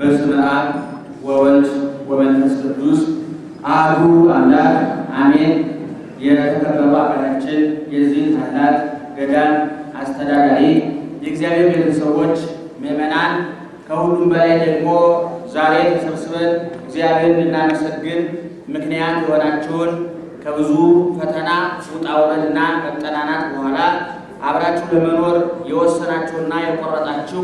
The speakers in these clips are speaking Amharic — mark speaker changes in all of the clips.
Speaker 1: በስመ አብ ወወልድ ወመንፈስ ቅዱስ አሐዱ አምላክ አሜን። የተከበሩ አባታችን የዚህ ታላቅ ገዳም አስተዳዳሪ፣ የእግዚአብሔር ቤተሰቦች፣ ምዕመናን ከሁሉም በላይ ደግሞ ዛሬ ተሰብስበን እግዚአብሔር እንድናመሰግን ምክንያት የሆናችሁን ከብዙ ፈተና ውጣ ውረድና መጠናናት በኋላ አብራችሁ ለመኖር የወሰናችሁና የቆረጣችሁ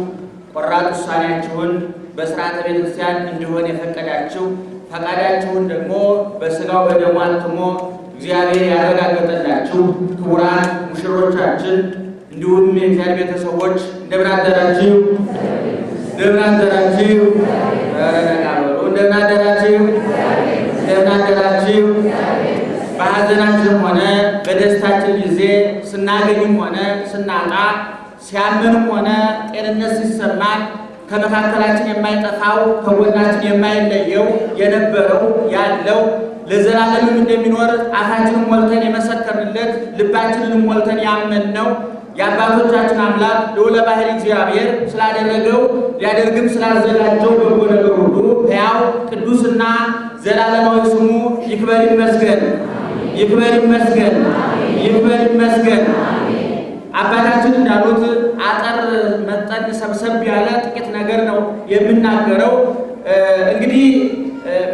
Speaker 1: ቆራጥ ውሳኔያችሁን በስርዓተ ቤተ ክርስቲያን እንዲሆን የፈቀዳችሁ ፈቃዳችሁን ደግሞ በስጋው በደሙ አትሞ እግዚአብሔር ያረጋገጠላችሁ ክቡራን ሙሽሮቻችን እንዲሁም የእግዚአብሔር ቤተሰቦች እንደምን አደራችሁ? እንደምን አደራችሁ? እንደምን አደራችሁ? እንደምን አደራችሁ? በሐዘናችን ሆነ በደስታችን ጊዜ ስናገኝም ሆነ ስናጣ ሲያምንም ሆነ ጤንነት ሲሰማን ከመካከላችን የማይጠፋው ከጎናችን የማይለየው የነበረው ያለው ለዘላለምም እንደሚኖር አፋችንን ሞልተን የመሰከርንለት ልባችንንም ሞልተን ያመንነው የአባቶቻችን አምላክ ልዑለ ባሕርይ እግዚአብሔር ስላደረገው ሊያደርግም ስላዘጋጀው በጎ ነገር ሁሉ ሕያው ቅዱስና ዘላለማዊ ስሙ ይክበር ይመስገን፣ ይክበር ይመስገን፣ ይክበር ይመስገን።
Speaker 2: አባታችን እንዳሉት
Speaker 1: አጠር መጠን ሰብሰብ ያለ የምናገረው። እንግዲህ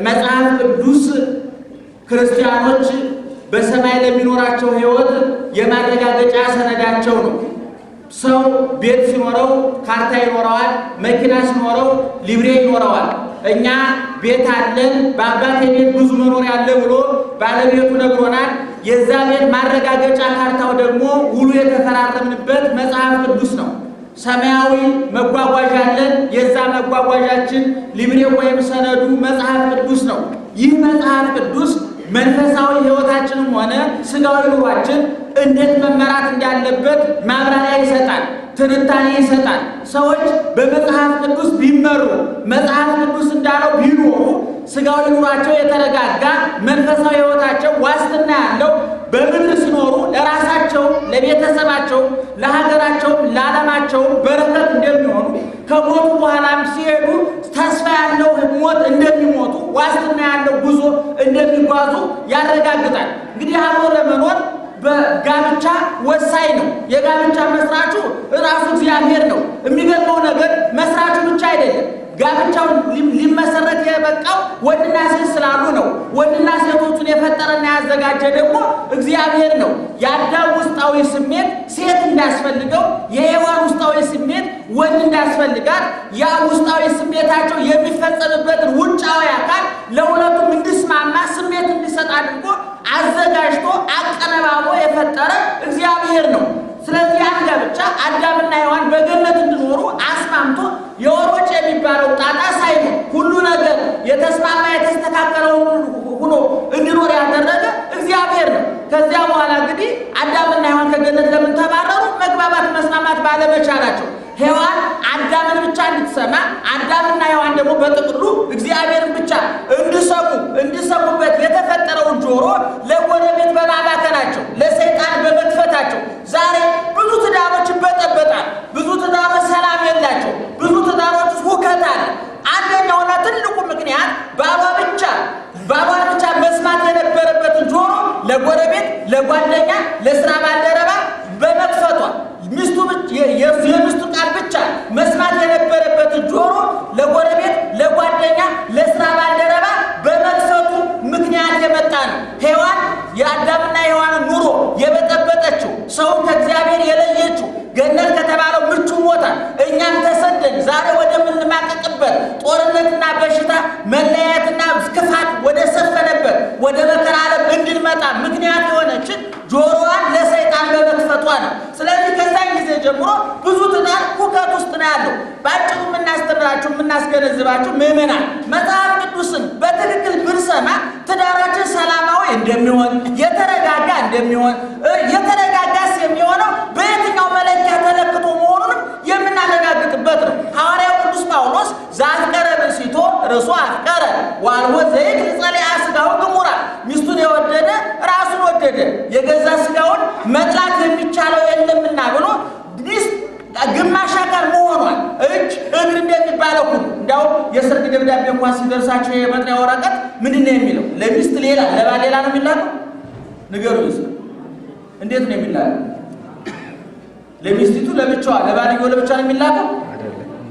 Speaker 1: መጽሐፍ ቅዱስ ክርስቲያኖች በሰማይ ለሚኖራቸው ሕይወት የማረጋገጫ ሰነዳቸው ነው። ሰው ቤት ሲኖረው ካርታ ይኖረዋል፣ መኪና ሲኖረው ሊብሬ ይኖረዋል። እኛ ቤት አለን፣ በአባቴ ቤት ብዙ መኖሪያ አለ ብሎ ባለቤቱ ነግሮናል። የዛ ቤት ማረጋገጫ ካርታው ደግሞ ውሉ የተፈራረምንበት መጽሐፍ ቅዱስ ነው። ሰማያዊ መጓጓዣ አለን። የዛ መጓጓዣችን ሊብሬ ወይም ሰነዱ መጽሐፍ ቅዱስ ነው። ይህ መጽሐፍ ቅዱስ መንፈሳዊ ሕይወታችንም ሆነ ስጋዊ ኑሯችን እንዴት መመራት እንዳለበት ማብራሪያ ይሰጣል፣ ትንታኔ ይሰጣል። ሰዎች በመጽሐፍ ቅዱስ ቢመሩ መጽሐፍ ቅዱስ እንዳለው ቢኖሩ ስጋዊ ኑሯቸው የተረጋጋ፣ መንፈሳዊ ሕይወታቸው ዋስትና ለቤተሰባቸው፣ ለሀገራቸውም፣ ለዓለማቸውም በረከት እንደሚሆኑ ከሞቱ በኋላም ሲሄዱ ተስፋ ያለው ሞት እንደሚሞቱ ዋስትና ያለው ጉዞ እንደሚጓዙ ያረጋግጣል። እንግዲህ አብሮ ለመኖር በጋብቻ ወሳኝ ነው። የጋብቻ መስራቹ ራሱ እግዚአብሔር ነው። የሚገርመው ነገር መስራቹ ብቻ አይደለም ጋብቻው ሊመሰረት የበቃው ወንድና ሴት ስላሉ ነው። ወንድና ሴቶቹን የፈጠረና ያዘጋጀ ደግሞ እግዚአብሔር ነው። የአዳም ውስጣዊ ስሜት ሴት እንዳስፈልገው፣ የሔዋን ውስጣዊ ስሜት ወንድ እንዳስፈልጋት፣ ያ ውስጣዊ ስሜታቸው የሚፈጸምበትን ውጫዊ አካል ለሁለቱም እንዲስማማ ስሜት እንዲሰጥ አድርጎ አዘጋጅቶ አቀነባብሮ የፈጠረ እግዚአብሔር ነው። ስለዚህ አንድ ብቻ አዳምና ሔዋን በገነት እንዲኖሩ አስማምቶ የወሮጭ የሚባለው ጣጣ ሳይሆን ሁሉ ነገር የተስማማ የተስተካከለው ሁኖ እንዲኖር ያደረገ እግዚአብሔር ነው። ከዚያ በኋላ እንግዲህ አዳምና ሔዋን ከገነት ለምን ተባረሩ? መግባባት መስማማት ባለመቻላቸው ሔዋን አዳምን ብቻ እንድትሰማ አዳምና ሔዋን ደግሞ በጥቅሉ እግዚአብሔርን ብቻ እንዲሰሙ እንዲሰሙበት የነበረውን ጆሮ ለጎረቤት በማባከናቸው ለሰይጣን በመክፈታቸው ዛሬ ብዙ ትዳሮች ይበጠበጣል። ብዙ ትዳሮች ሰላም የላቸው። ብዙ ትዳሮች ሁከት አለ። አንደኛውና ትልቁ ምክንያት ባሏ ብቻ ባሏ ብቻ መስማት የነበረበትን ጆሮ ለጎረቤት፣ ለጓደኛ፣ ለስራ ባለ መለያየትና ክፋት ወደ ሰፈነበት ወደ መከራ ዓለም እንድንመጣ ምክንያት የሆነችን ጆሮዋን ለሰይጣን በመክፈቷ ነው። ስለዚህ ከዛን ጊዜ ጀምሮ ብዙ ትዳር ሁከት ውስጥ ነው ያለው። በአጭሩ የምናስተምራችሁ የምናስገነዝባችሁ ምዕመናን መጽሐፍ ቅዱስን በትክክል ብንሰማ ትዳራችን ሰላማዊ እንደሚሆን የተረጋጋ እንደሚሆን የተረጋጋስ የሚሆነው በየትኛው መለኪያ ተለክቶ ዘይት ጸለያ ስጋው ግሙራ ሚስቱን የወደደ ራሱን ወደደ፣ የገዛ ስጋውን መጥላት የሚቻለው የለምና ብሎ ሚስት ግማሽ አካል መሆኗል እጅ እግር እንደሚባለው ሁሉ እንዲያውም የሰርግ ደብዳቤ እንኳን ሲደርሳቸው የመጥሪያ ወረቀት ምንድን ነው የሚለው? ለሚስት ሌላ ለባል ሌላ ነው የሚላለው። ንገሩ እንዴት ነው የሚላለው? ለሚስቲቱ ለብቻዋ ለባልየው ለብቻ ነው የሚላለው።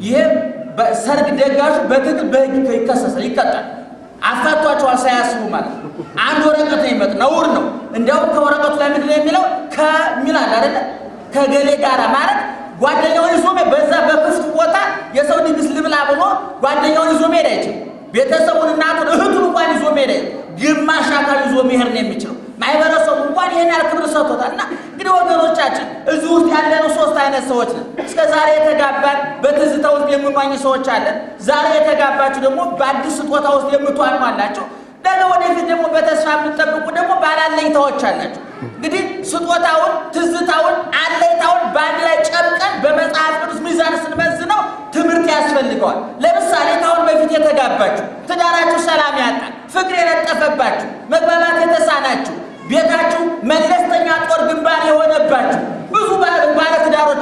Speaker 1: ይሄ ሰርግ ደጋሹ በትክክል በህግ ይከሰሳል፣ ይቀጣል። አፋቷቸዋል አሳያስቡ ማለት ነው። አንድ ወረቀት ይመጥ ነውር ነው። እንዲያውም ከወረቀቱ ላይ ምንድን ነው የሚለው ከሚል አለ አይደለ ከገሌ ጋር ማለት ጓደኛውን ይዞ በዛ በክፍት ቦታ የሰው ድግስ ልብላ ብሎ ጓደኛውን ይዞ መሄድ አይችልም። ቤተሰቡን፣ እናቱን፣ እህቱን እንኳን ይዞ መሄድ አይችልም። ግማሽ አካል ይዞ መሄድ ነው የሚችለው። ማህበረሰቡ እንኳን ይህን ያህል ክብር ሰጥቶታል። እና እንግዲህ ወገኖቻችን እዚህ ውስጥ ያለነው ሶስት አይነት ሰዎች ነን። እስከ ዛሬ የተጋባን በትዝታ ውስጥ የምንዋኝ ሰዎች አለን። ዛሬ የተጋባችሁ ደግሞ በአዲስ ስጦታ ውስጥ የምትዋኙ አላቸው። ነገ ወደፊት ደግሞ በተስፋ የምትጠብቁ ደግሞ ባላለኝታዎች አላቸው። እንግዲህ ስጦታውን፣ ትዝታውን፣ አለኝታውን በአንድ ላይ ጨምቀን በመጽሐፍ ቅዱስ ሚዛን ስንመዝነው ትምህርት ያስፈልገዋል። ለምሳሌ ከአሁን በፊት የተጋባችሁ ትዳራችሁ ሰላም ያጣል፣ ፍቅር የነጠፈባችሁ፣ መግባባት የተሳናችሁ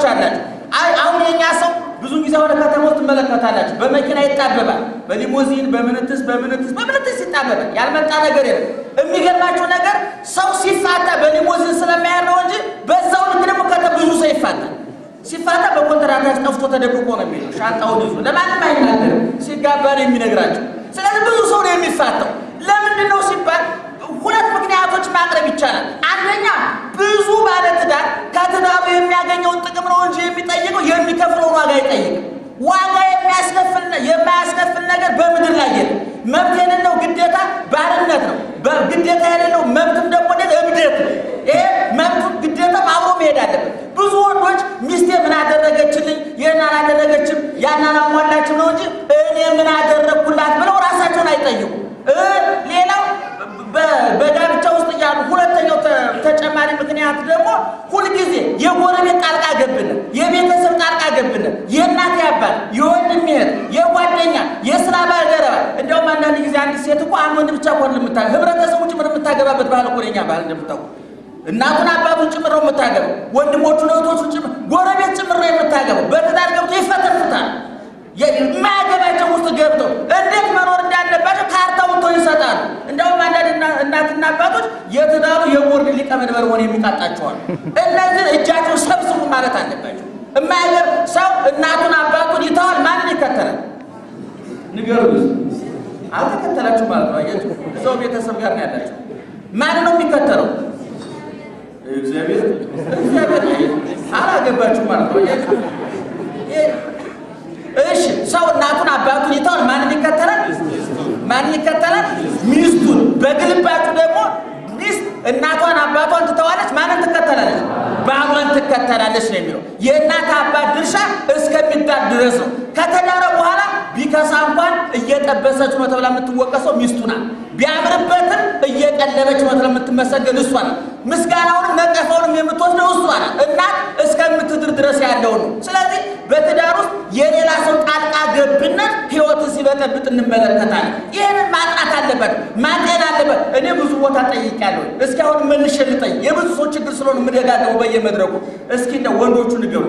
Speaker 1: ታዩታላችሁ። አይ አሁን የኛ ሰው ብዙ ጊዜ ወደ ከተማ ውስጥ ትመለከታላችሁ፣ በመኪና ይጣበባል፣ በሊሞዚን በምንትስ በምንትስ በምንትስ ይጣበባል። ያልመጣ ነገር የለም። የሚገርማችሁ ነገር ሰው ሲፋታ በሊሞዚን ስለማያር ነው እንጂ በዛው ልክ ደግሞ ብዙ ሰው ይፋታል። ሲፋታ በኮንትራክተር ጠፍቶ ተደብቆ ነው የሚለው ሻንጣውን ይዞ ለማንም አይናገር ሲጋባ ነው የሚነግራቸው። ስለዚህ ብዙ ሰው ነው የሚፋታው። ለምንድን ነው ሲባል ሁለት ምክንያቶች ማቅረብ ይቻላል። ዋጋ የሚያስከፍል የማያስከፍል ነገር በምድር ላይ የለም። መብት የሌለው ግዴታ ባርነት ነው። በግዴታ የሌለው መብትም ደግሞ እብደት ነው። ይሄ መብቱ ግዴታም አብሮ መሄድ አለበት። ብዙ ወንዶች ሚስቴ ምን አደረገችልኝ፣ ይህን አላደረገችም፣ ያንን አሟላችም ነው እንጂ እኔ ምን አደረግኩላት ብለው ራሳቸውን አይጠይቁ ብቻ ኮን የምታ ህብረተሰቡ ጭምር የምታገባበት ባህል እኮ ነው የእኛ ባህል እንደምታውቁ እናቱን አባቱን ጭምር ነው የምታገባው። ወንድሞቹ እህቶቹ ጭምር ጎረቤት ጭምር ነው የምታገባው። በትዳር ገብቶ ይፈተፍታል። የማያገባቸው ውስጥ ገብተው እንዴት መኖር እንዳለባቸው ካርታ ወጥተው ይሰጣሉ። እንዲያውም አንዳንድ እናትና አባቶች የትዳሩ የቦርድ ሊቀመንበር ሆነ የሚቃጣቸዋል። እነዚህ እጃቸው ሰብስቡ ማለት አለባቸው። የማያገብ ሰው እናቱን አባቱን ይተዋል። ማንን ይከተላል? ንገሩ አልተከተላችሁ ማለት ነው። አያችሁ፣ እዛው ቤተሰብ ጋር ነው ያላችሁ። ማን ነው የሚከተለው? እግዚአብሔር እግዚአብሔር። አላገባችሁ ማለት ነው። አያችሁ። እሺ፣ ሰው እናቱን አባቱን ይተውን ማንን ይከተላል? ማንን ይከተላል? ሚስቱን። በግልባችሁ ደግሞ ሚስት እናቷን አባቷን ትተዋለች፣ ማንን ትከተላለች? ባሏን ትከተላለች ነው የሚለው። የእናት አባት ድርሻ እስከሚዳር ድረስ ነው። ከተዳረ በኋላ ቢከሳ እንኳን እየጠበሰች ነው ተብላ የምትወቀሰው ሚስቱ ናት። ቢያምርበትም እየቀለበች ነው ተብላ የምትመሰገን እሷ ናት። ምስጋናውንም ነቀፋውንም የምትወስደው እሷ ናት። እናት እስከምትድር ድረስ ያለው ነው። ስለዚህ በትዳር ውስጥ የሌላ ሰው ጣልቃ ገብነት ሕይወትን ሲበጠብጥ እንመለከታለን። ይህንን ማጥናት አለበት፣ ማጤን አለበት። እኔ ብዙ ቦታ ጠይቄያለሁ። እስኪ አሁን መልሼ ልጠይቅ። የብዙ ሰው ችግር ስለሆነ የምደጋገመው በየመድረኩ እስኪ እንደ ወንዶቹ ንገሩ፣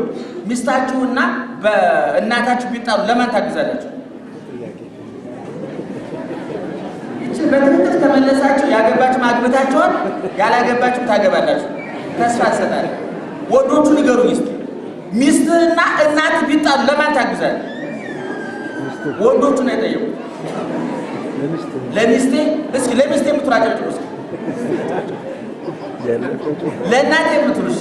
Speaker 1: ሚስታችሁና በእናታችሁ ቢጣሉ ለማን ታግዛላችሁ? እዚህ በትክክል ተመለሳችሁ። ያገባችሁ አግብታችኋል፣ ያላገባችሁ ታገባላችሁ። ተስፋ እንሰጣለን። ወንዶቹ ንገሩ ሚስት ሚስትህና እናት ቢጣሉ ለማን ታግዛል ወንዶቹ ነው የጠየቁ። ለሚስቴ እስኪ ለሚስቴ የምትራጨጭ እስኪ ለእናቴ የምትሉስ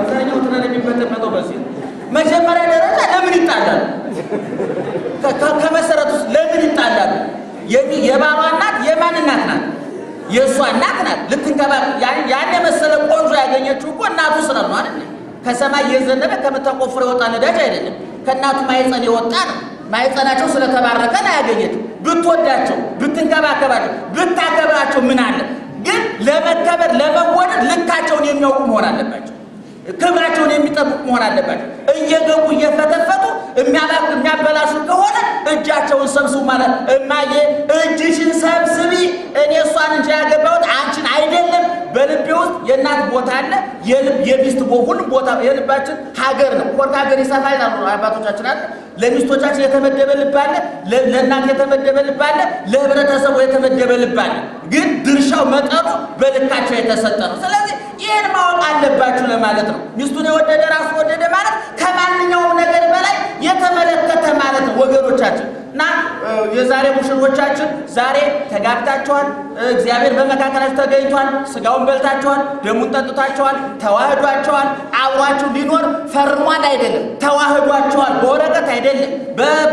Speaker 1: አብዛኛው ትናል የሚበጠበጠው በዚህ መጀመሪያ ደረጃ ለምን ይጣላሉ? ከመሰረቱ ለምን ይጣላሉ? የባሏ እናት የማን እናት ናት? የእሷ እናት ናት። ልትንከባ ያን የመሰለ ቆንጆ ያገኘችው እኮ እናቱ ስለ ነው አይደል? ከሰማይ የዘነበ ከምትቆፍር የወጣ ነዳጅ አይደለም። ከእናቱ ማይፀን የወጣ ነው። ማይፀናቸው ስለተባረከን አያገኘችው። ብትወዳቸው፣ ብትንከባከባቸው፣ ብታከብራቸው ምን አለ ግን ለመከበር ለመወደድ ልካቸውን የሚያውቁ መሆን አለባቸው። ክብራቸውን የሚጠብቁ መሆን አለባቸው። እየገቡ እየፈተፈቱ የሚያበላሹ ከሆነ እጃቸውን ሰብስቡ ማለት እማዬ፣ እጅሽን ሰብስቢ፣ እኔ እሷን እንጂ ያገባሁት አንቺን አይደለም። በልቤ ውስጥ የእናት ቦታ አለ፣ የሚስት ሁሉም ቦታ የልባችን ሀገር ነው። ኮርት ሀገር ይሰፋል ይላሉ አባቶቻችን አለ። ለሚስቶቻችን የተመደበ ልብ አለ፣ ለእናት የተመደበ ልብ አለ፣ ለህብረተሰቡ የተመደበ ልብ አለ። ግን ድርሻው መጠኑ በልካቸው የተሰጠ ነው። ስለዚህ ይህን ማወቅ አለባችሁ ለማለት ነው። ሚስቱን የወደደ ራሱ ወደደ ማለት ከማንኛውም ነገር በላይ የተመለከተ ማለት ነው ወገኖቻችን እና የዛሬ ሙሽሮቻችን ዛሬ ተጋብታችኋል። እግዚአብሔር በመካከላችሁ ተገኝቷል። ስጋውን በልታችኋል፣ ደሙን ጠጥታችኋል፣ ተዋህዷችኋል። አብሯችሁ ሊኖር ፈርሟል አይደለም፣ ተዋህዷችኋል። በወረቀት አይደለም፣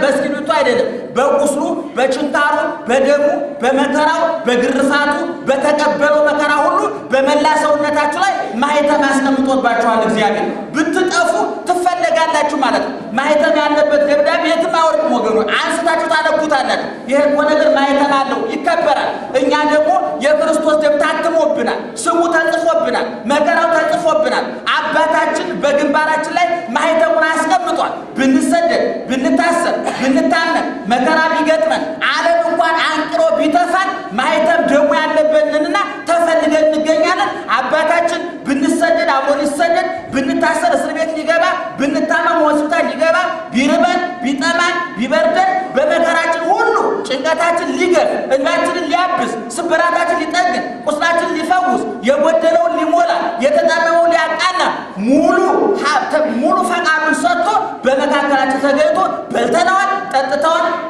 Speaker 1: በእስክሪብቶ አይደለም በቁስሉ፣ በችንታሩ፣ በደሙ፣ በመከራው፣ በግርፋቱ፣ በተቀበለው መከራ ሁሉ በመላ ሰውነታችሁ ላይ ማህተም አስቀምጦባችኋል። እግዚአብሔር ብትጠፉ ትፈለጋላችሁ ማለት ነው። ማህተም ያለበት ደብዳቤ የትም አወርድም ወገኑ፣ አንስታችሁ ታነቡታላችሁ። ይህ እኮ ነገር ማህተም አለው፣ ይከበራል። እኛ ደግሞ የክርስቶስ ደም ታትሞብናል፣ ስሙ ተጽፎብናል፣ መከራው ተጽፎብናል። አባታችን በግንባራችን ላይ ማህተሙን አስቀምጧል። ብንሰደድ だか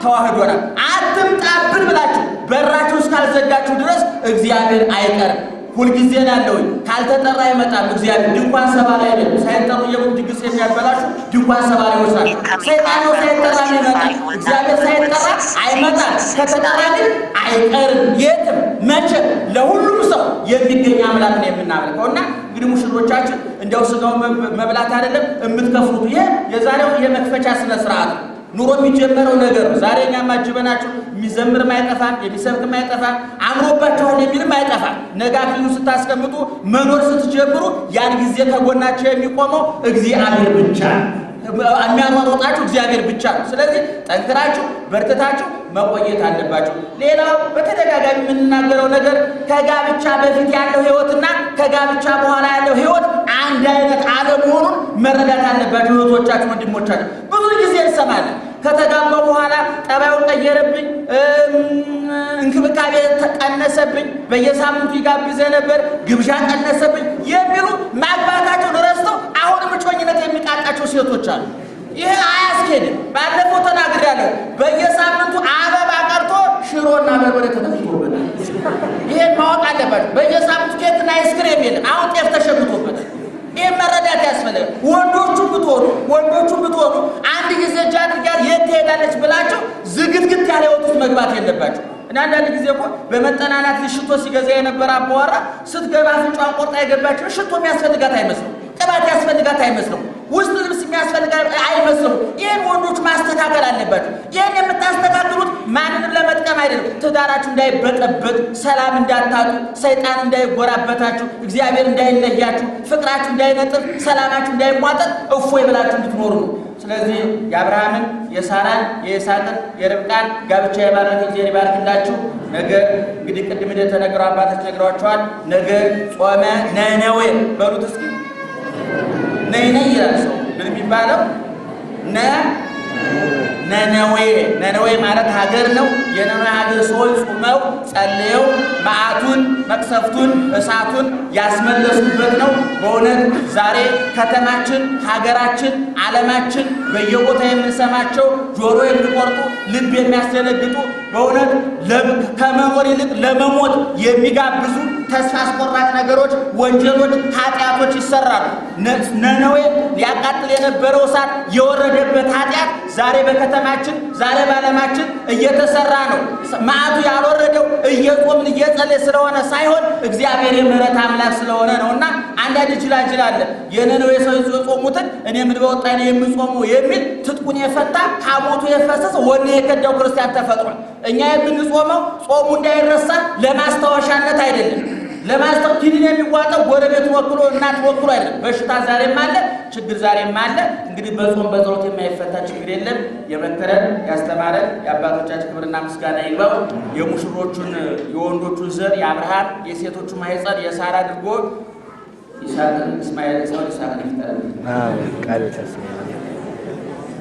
Speaker 1: ተዋህዶናል። አትምጣብን ብላችሁ በራችሁ እስካልዘጋችሁ ድረስ እግዚአብሔር አይቀርም። ሁልጊዜ ናለው ካልተጠራ አይመጣም። እግዚአብሔር ድንኳን ሰባ ላይ አይደለም። ሳይጠሩ የቡን ድግስ የሚያበላሹ ድንኳን ሰባሪዎች ናቸው። ሰይጣን ነው ሳይጠራ ይመጣል። እግዚአብሔር ሳይጠራ አይመጣም። ከተጠራ ግን አይቀርም። የትም መቼም ለሁሉም ሰው የሚገኝ አምላክ ነው የምናመልከው እና እንግዲህ ሙሽሮቻችን እንዲያው ስጋውን መብላት አይደለም የምትከፍሩት። ይሄ የዛሬው የመክፈቻ ስነ ስርዓት ኑሮ የሚጀመረው ነገር ዛሬ እኛም አጅበናችሁ የሚዘምርም አይጠፋም፣ የሚሰብክም አይጠፋም፣ አምሮባችኋል የሚልም አይጠፋም። ነጋ ፊኑ ስታስቀምጡ መኖር ስትጀምሩ ያን ጊዜ ከጎናቸው የሚቆመው እግዚአብሔር ብቻ የሚያመሮጣችሁ እግዚአብሔር ብቻ ነው። ስለዚህ ጠንክራችሁ በርትታችሁ መቆየት አለባችሁ። ሌላው በተደጋጋሚ የምንናገረው ነገር ከጋብቻ በፊት ያለው ህይወትና ከጋብቻ በኋላ ያለው ህይወት ። አንድ አይነት ዓለም መሆኑን መረዳት አለባቸው እህቶቻችሁ፣ ወንድሞቻችሁ። ብዙ ጊዜ እንሰማለን ከተጋባ በኋላ ጠባዩን ቀየረብኝ፣ እንክብካቤ ቀነሰብኝ፣ በየሳምንቱ ይጋብዘ ነበር ግብዣ ቀነሰብኝ የሚሉ ማግባታቸውን ረስተው አሁንም እጮኝነት የሚቃጣቸው ሴቶች አሉ። ይሄ አያስኬድም። ባለፈው ተናግሬያለሁ። በየሳምንቱ አበባ ቀርቶ ሽሮና በርበሬ ተጠፍቶበታል። ይሄን ማወቅ አለባቸው። በየሳምንቱ ኬትና አይስክሬም የለም። አሁን ጤፍ ተሸግቶበት ይህ መረዳት ያስፈልጋል። ወንዶቹ ብትሆኑ ወንዶቹ ብትሆኑ አንድ ጊዜ ጃንር ጋር የት ትሄዳለች ብላቸው ዝግትግት ያለ ወጡት መግባት የለባቸው እና አንዳንድ ጊዜ እኮ በመጠናናት ሽቶ ሲገዛ የነበረ አባወራ ስትገባ ፍንጫን ቆርጣ የገባቸው ሽቶ የሚያስፈልጋት አይመስለው፣ ቅባት ያስፈልጋት አይመስለው ውስጥ ልብስ የሚያስፈልግ አይመስሉ። ይህን ወንዶች ማስተካከል አለበት። ይህን የምታስተካክሉት ማንንም ለመጥቀም አይደለም። ትዳራችሁ እንዳይበጠበጥ፣ ሰላም እንዳታጡ፣ ሰይጣን እንዳይጎራበታችሁ፣ እግዚአብሔር እንዳይለያችሁ፣ ፍቅራችሁ እንዳይነጥር፣ ሰላማችሁ እንዳይሟጠጥ እፎይ ብላችሁ እንድትኖሩ ነው። ስለዚህ የአብርሃምን፣ የሳራን፣ የይስሐቅን፣ የርብቃን ጋብቻ የባረከ ጊዜ ይባርክላችሁ። ነገ እንግዲህ ቅድም እንደተነገረው አባቶች ነግረዋቸዋል። ነገ ጾመ ነነዌ በሉት እስኪ ነይ ነይ ይላል ሰው ምን የሚባለው ነ ነነዌ ነነዌ ማለት ሀገር ነው። የነነዌ ሀገር ሰዎች ጾመው ጸልየው መዓቱን መቅሰፍቱን እሳቱን ያስመለሱበት ነው። በእውነት ዛሬ ከተማችን፣ ሀገራችን፣ ዓለማችን በየቦታ የምንሰማቸው ጆሮ የሚቆርጡ ልብ የሚያስደነግጡ በእውነት ከመኖር ይልቅ ለመሞት የሚጋብዙ ተስፋ አስቆራጥ ነገሮች፣ ወንጀሎች፣ ኃጢአቶች ይሰራሉ። ነነዌ ሊያቃጥል የነበረው እሳት የወረደበት ኃጢአት ዛሬ በከተማችን ዛሬ በዓለማችን እየተሰራ ነው። መዓቱ ያልወረደው እየቆምን እየጸለይ ስለሆነ ሳይሆን እግዚአብሔር የምህረት አምላክ ስለሆነ ነው እና አንዳንድ ይችላል ይችላል የነነዌ ሰው የጾሙትን እኔ ምን በወጣ ነው የምጾመው የሚል ትጥቁን የፈታ ታቦቱ የፈሰሰ ወኔ የከዳው ክርስቲያን ተፈጥሯል። እኛ የምንጾመው ጾሙ እንዳይረሳ ለማስታወሻነት አይደለም። ለማስተው ኪኒን የሚዋጠው ጎረቤት ወክሎ እናት ወክሎ አይደለም። በሽታ ዛሬም አለ፣ ችግር ዛሬም አለ። እንግዲህ በጾም በጸሎት የማይፈታ ችግር የለም። የመከረን ያስተማረን የአባቶቻችን ክብርና ምስጋና ይግባው። የሙሽሮቹን የወንዶቹን ዘር የአብርሃም የሴቶቹ ማህፀን የሳራ አድርጎ ይስሐቅን እስማኤልን ሰውን ቃል ይፍጠረን።